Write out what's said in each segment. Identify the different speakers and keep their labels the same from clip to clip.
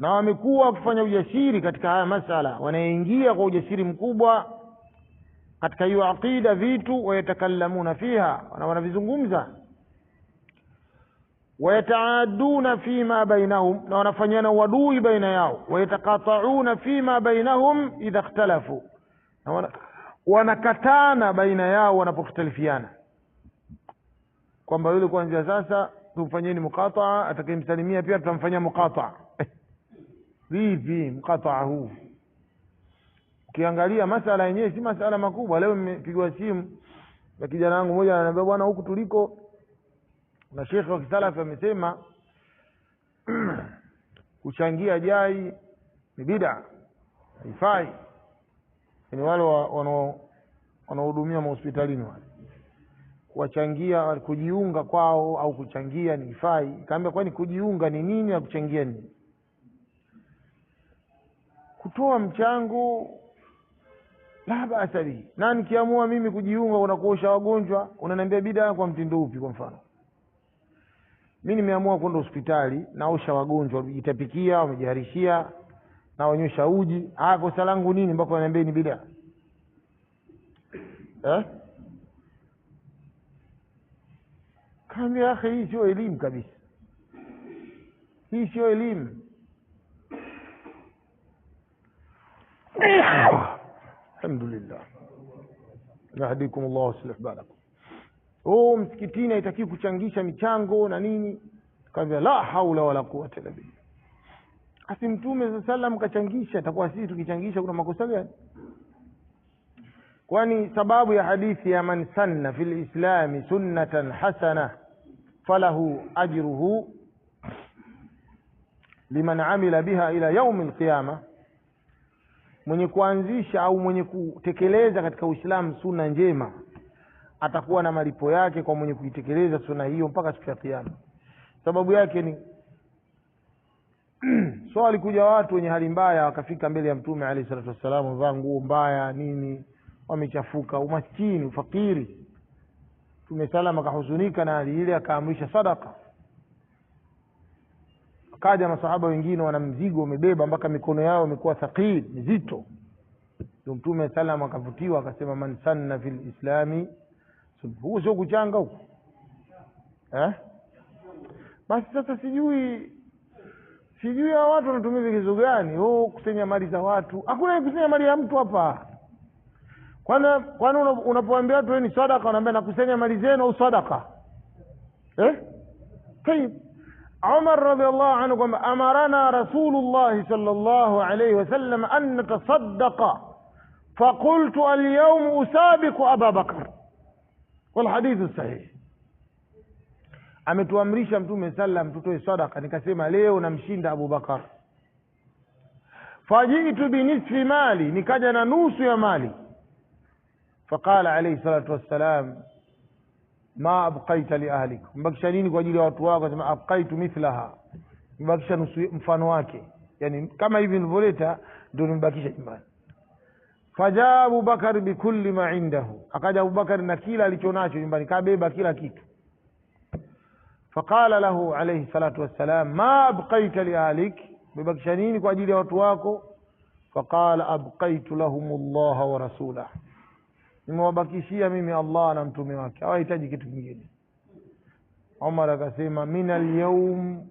Speaker 1: na wamekuwa wakifanya ujasiri katika haya masala, wanaingia kwa ujasiri mkubwa katika hiyo aqida, vitu wayatakalamuna fiha, wanavizungumza, wayataaduna fima bainahum, na wanafanyana uadui baina yao, wayatakatauna fima bainahum idha ikhtalafu, na wanakatana baina yao wanapokhtalifiana, kwamba yule kuanzia sasa tumfanyeni muqataa, atakayemsalimia pia tutamfanyia muqataa vipi mkataa huu? Ukiangalia masala yenyewe si masala makubwa. Leo mmepigwa simu na kijana wangu mmoja ananiambia, bwana, huku tuliko na shekhe wa kisalafi amesema kuchangia jai ni bida, haifai. Ni wale wanaohudumia mahospitalini wale kuwachangia, kujiunga kwao au kuchangia ni ifai. Kaambia, kwani kujiunga ni nini na kuchangia nini? kutoa mchango la basa na nikiamua mimi kujiunga kuna kuosha wagonjwa, unaniambia bida kwa mtindo upi? Kwa mfano mi nimeamua kwenda hospitali naosha wagonjwa, wamejitapikia, wamejiharishia, naonyesha uji. Ah, kosa langu nini mpaka waniambia ni bida eh? Kaambia akhi, hii sio elimu kabisa, hii sio elimu. الحمد lillah yahdikum llah waslih balakum oh msikitini haitakiwi kuchangisha michango na nini kaza la haula wala quwata illa billah asi mtume saa salam kachangisha takuwa sisi tukichangisha kuna makosa gani kwani sababu ya hadithi ya man sanna fi lislami sunnatan hasana falahu ajruhu liman amila biha ila yaumi alqiyama mwenye kuanzisha au mwenye kutekeleza katika Uislamu suna njema atakuwa na malipo yake kwa mwenye kuitekeleza suna hiyo mpaka siku ya Kiyama. Sababu yake ni so walikuja watu wenye hali mbaya wakafika mbele ya Mtume alayhi salatu wassalam, wamevaa nguo mbaya nini, wamechafuka, umaskini, ufakiri. Mtume salam akahuzunika na hali ile, akaamrisha sadaka Kaja masahaba wengine wana mzigo wamebeba mpaka mikono yao imekuwa thaqil mizito. Ndio Mtume salam akavutiwa akasema, man sanna fil islami. Huo sio kuchanga huko eh? Basi sasa sijui sijui hawa watu wanatumia vigezo gani? Oh, kusenya mali za watu. Hakuna kusenya mali ya mtu hapa. kwani kwani unapoambia watu ni sadaka, unaambia nakusenya mali zenu au sadaka eh? عمر رضي الله عنه أمرنا رسول الله صلى الله عليه وسلم أن نتصدق فقلت اليوم أسابق أبا بكر والحديث الصحيح ametuamrisha mtume sallam tutoe sadaka nikasema leo namshinda abubakar fajitu binisfi mali nikaja na nusu ya mali faqala alaihi salatu wassalam ma abqaita li ahlik, nini kwa ajili ya watu wako? Sema abqaitu mithlaha, mbakisha nusu mfano wake, yani kama hivi nilivyoleta ndio nimebakisha nyumbani. Fajaa Abubakar bikulli ma indahu, akaja Abubakar na kila alichonacho nyumbani, kabeba kila kitu. Faqala lahu alayhi salatu wassalam, ma abqaita li ahlik, umebakisha nini kwa ajili ya watu wako? Faqala abqaitu lahum llaha wa rasulahu nimewabakishia mimi Allah na mtume wake, hawahitaji kitu kingine. Omar akasema min alyaum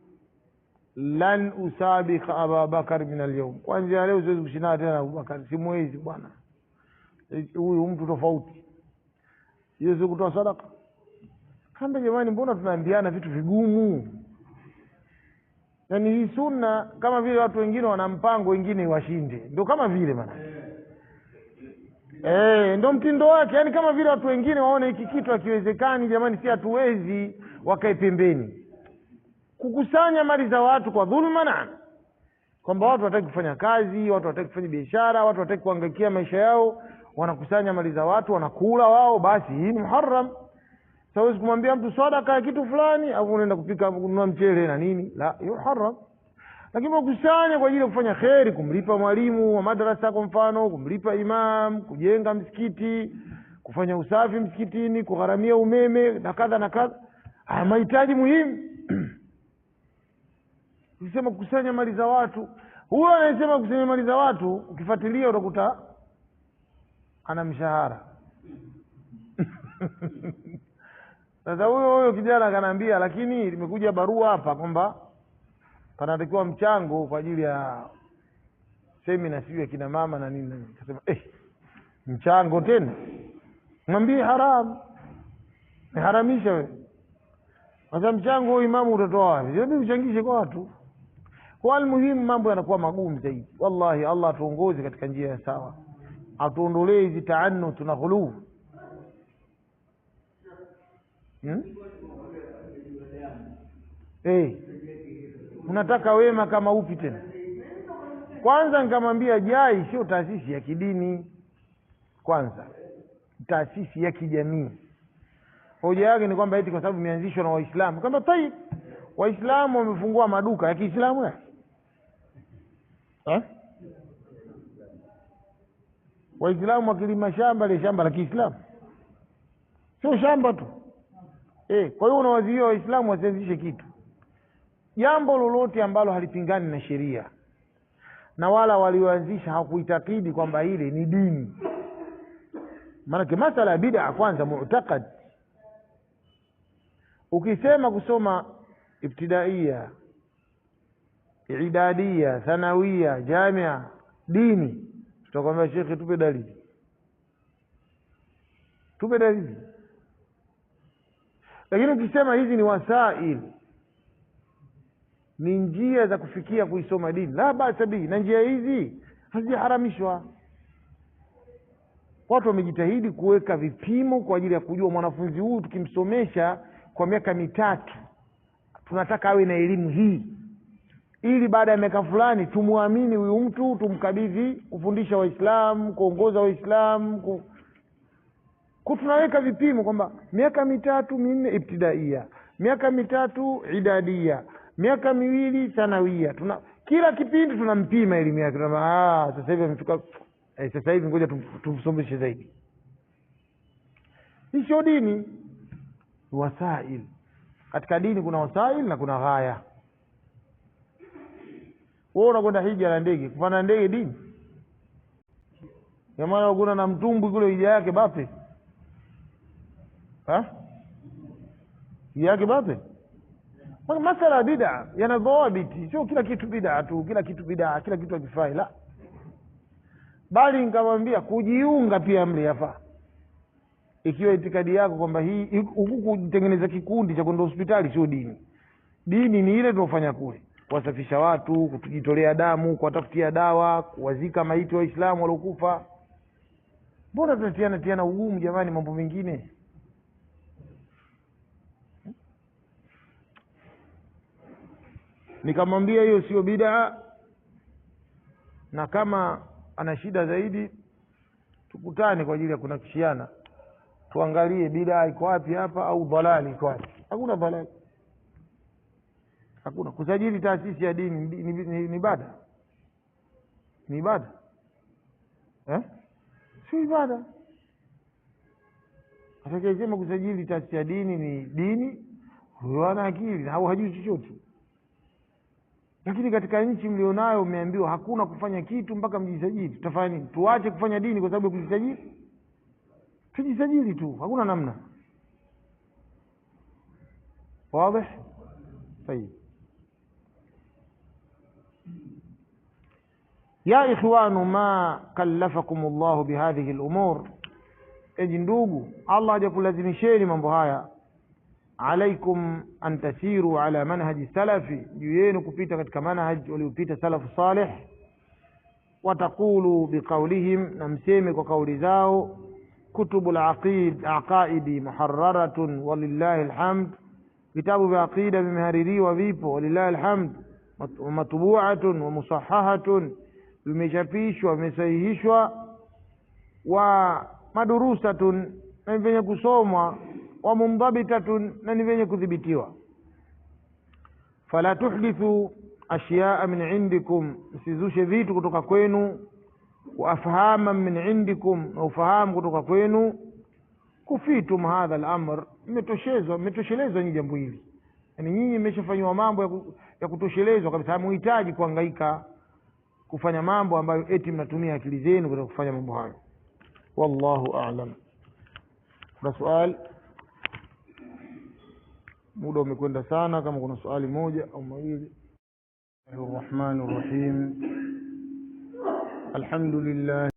Speaker 1: lan usabika Ababakar min alyaum, kwanzia leo siwezi kushindana tena na Abubakar, simwezi bwana, huyu mtu tofauti. Yesu kutoa sadaka kamba, jamani, mbona tunaambiana vitu vigumu? yani hii sunna kama vile watu wengine wana mpango wengine washinde ndio kama vile maana Eh, ndo mtindo wake, yaani kama vile watu wengine waone hiki kitu hakiwezekani, jamani, si hatuwezi, wakae pembeni. Kukusanya mali za watu kwa dhulma, na kwamba watu wataki kufanya kazi, watu wataki kufanya biashara, watu wataki kuangaikia maisha yao, wanakusanya mali za watu, wanakula wao, basi hii ni muharram. sawezi kumwambia mtu sadaka ya kitu fulani, au unaenda kupika kununua mchele na nini, la hiyo haram lakini wakusanya kwa ajili ya kufanya kheri kumlipa mwalimu wa madarasa kwa mfano kumlipa imam kujenga msikiti kufanya usafi msikitini kugharamia umeme na kadha na kadha haya mahitaji muhimu ukisema kukusanya mali za watu huyo anayesema kukusanya mali za watu ukifuatilia utakuta ana mshahara sasa huyo huyo kijana akanaambia lakini limekuja barua hapa kwamba panatakiwa mchango kwa ajili ya semina sijui akina mama na nini. Kasema eh, mchango tena, mwambie haramu, niharamisha we kasa mchango huo imamu utatoa wapi? ni uchangishe kwa watu. Kwa almuhimu, mambo yanakuwa magumu zaidi. Wallahi, Allah atuongoze katika njia ya sawa, atuondolee hizi taanu na ghuluu hmm? hey. Eh unataka wema kama upi tena? Kwanza nikamwambia JAI sio taasisi ya kidini, kwanza taasisi ya kijamii. Hoja yake ni kwamba eti kwa sababu imeanzishwa na Waislamu. Kamba tai Waislamu wamefungua maduka ya Kiislamu ya eh? Waislamu wakilima shamba le shamba la Kiislamu, sio shamba tu eh. Kwa hiyo unawazuia Waislamu wasianzishe kitu jambo lolote ambalo halipingani na sheria, na wala walioanzisha hakuitakidi kwamba ile ni dini. Maanake masala ya bid'a kwanza mu'taqad. Ukisema kusoma ibtidaiya, idadia thanawia, jamia, dini, tutakwambia shekhe, tupe dalili, tupe dalili. Lakini ukisema hizi ni wasaili ni njia za kufikia kuisoma dini, la basa bihi, na njia hizi hazijaharamishwa. Watu wamejitahidi kuweka vipimo kwa ajili ya kujua mwanafunzi huyu tukimsomesha kwa miaka mitatu, tunataka awe na elimu hii, ili baada ya miaka fulani tumwamini huyu mtu, tumkabidhi kufundisha Waislamu, kuongoza Waislamu ku... ku tunaweka vipimo kwamba miaka mitatu minne ibtidaia, miaka mitatu idadia miaka miwili sanawia, tuna kila kipindi tunampima elimu yake, tunasema ah, sasa hivi amefika, eh, sasa hivi ngoja tumsombeshe zaidi. Hicho dini wasail. Katika dini kuna wasail na kuna ghaya. Wewe unakwenda hija la ndege, kupanda ndege dini? Jamani, kuna na mtumbwi kule hija yake bape. Ha? Hija yake bape? masala ya bid'a yana dhawabiti, sio kila kitu bid'a tu, kila kitu bid'a, kila kitu hakifai, la bali nikamwambia kujiunga pia mliyafaa, ikiwa itikadi yako kwamba hii huku kutengeneza kikundi cha kwenda hospitali sio dini. Dini ni ile tunaofanya kule, kuwasafisha watu, kujitolea damu, kuwatafutia dawa, kuwazika maiti Waislamu waliokufa. Mbona tunatiana tiana ugumu jamani, mambo mengine nikamwambia hiyo sio bidaa na kama ana shida zaidi tukutane kwa ajili ya kunakishiana tuangalie bidaa iko wapi hapa au dhalali iko wapi hakuna dhalali hakuna kusajili taasisi ya dini ni, ni, bada ni ibada eh? sio ibada atakaisema kusajili taasisi ya dini ni dini huyo ana akili au hajui chochote lakini katika nchi mlionayo umeambiwa hakuna kufanya kitu mpaka mjisajili. Tutafanya nini? Tuache kufanya dini kwa sababu ya kujisajili? Tujisajili tu, hakuna namna. wadhi Tayib. Ya ikhwanu, ma kallafakum Allahu bihadhihi al-umur, eji ndugu, Allah hajakulazimisheni mambo haya alaikum an tasiru ala manhaji salafi, juu yenu kupita katika manhaji waliopita salafu saleh. wataqulu biqaulihim, na mseme kwa kauli zao. Kutubu laqid aqaidi muharraratun walillahi alhamd, vitabu vya aqida vimehaririwa, vipo walillahi alhamd. Matbuatun wa musahahatun, vimechapishwa, vimesahihishwa. Wa madurusatun, na vyenye kusomwa wa mundhabitatun, na ni vyenye kudhibitiwa. Fala tuhdithu ashyaa min indikum, msizushe vitu kutoka kwenu. Wa afhama min indikum, na ufahamu kutoka kwenu. Kufitum hadha al-amr, mmetoshezwa, mmetoshelezwa nyinyi jambo hili, yani nyinyi mmeshafanywa mambo ya kutoshelezwa kabisa, hamuhitaji kuhangaika kufanya mambo ambayo eti mnatumia akili zenu katika kufanya mambo hayo. Wallahu a'lam. Kuna swali? muda umekwenda sana. Kama kuna swali moja au mawili.
Speaker 2: Rahmani Rahim, alhamdulillah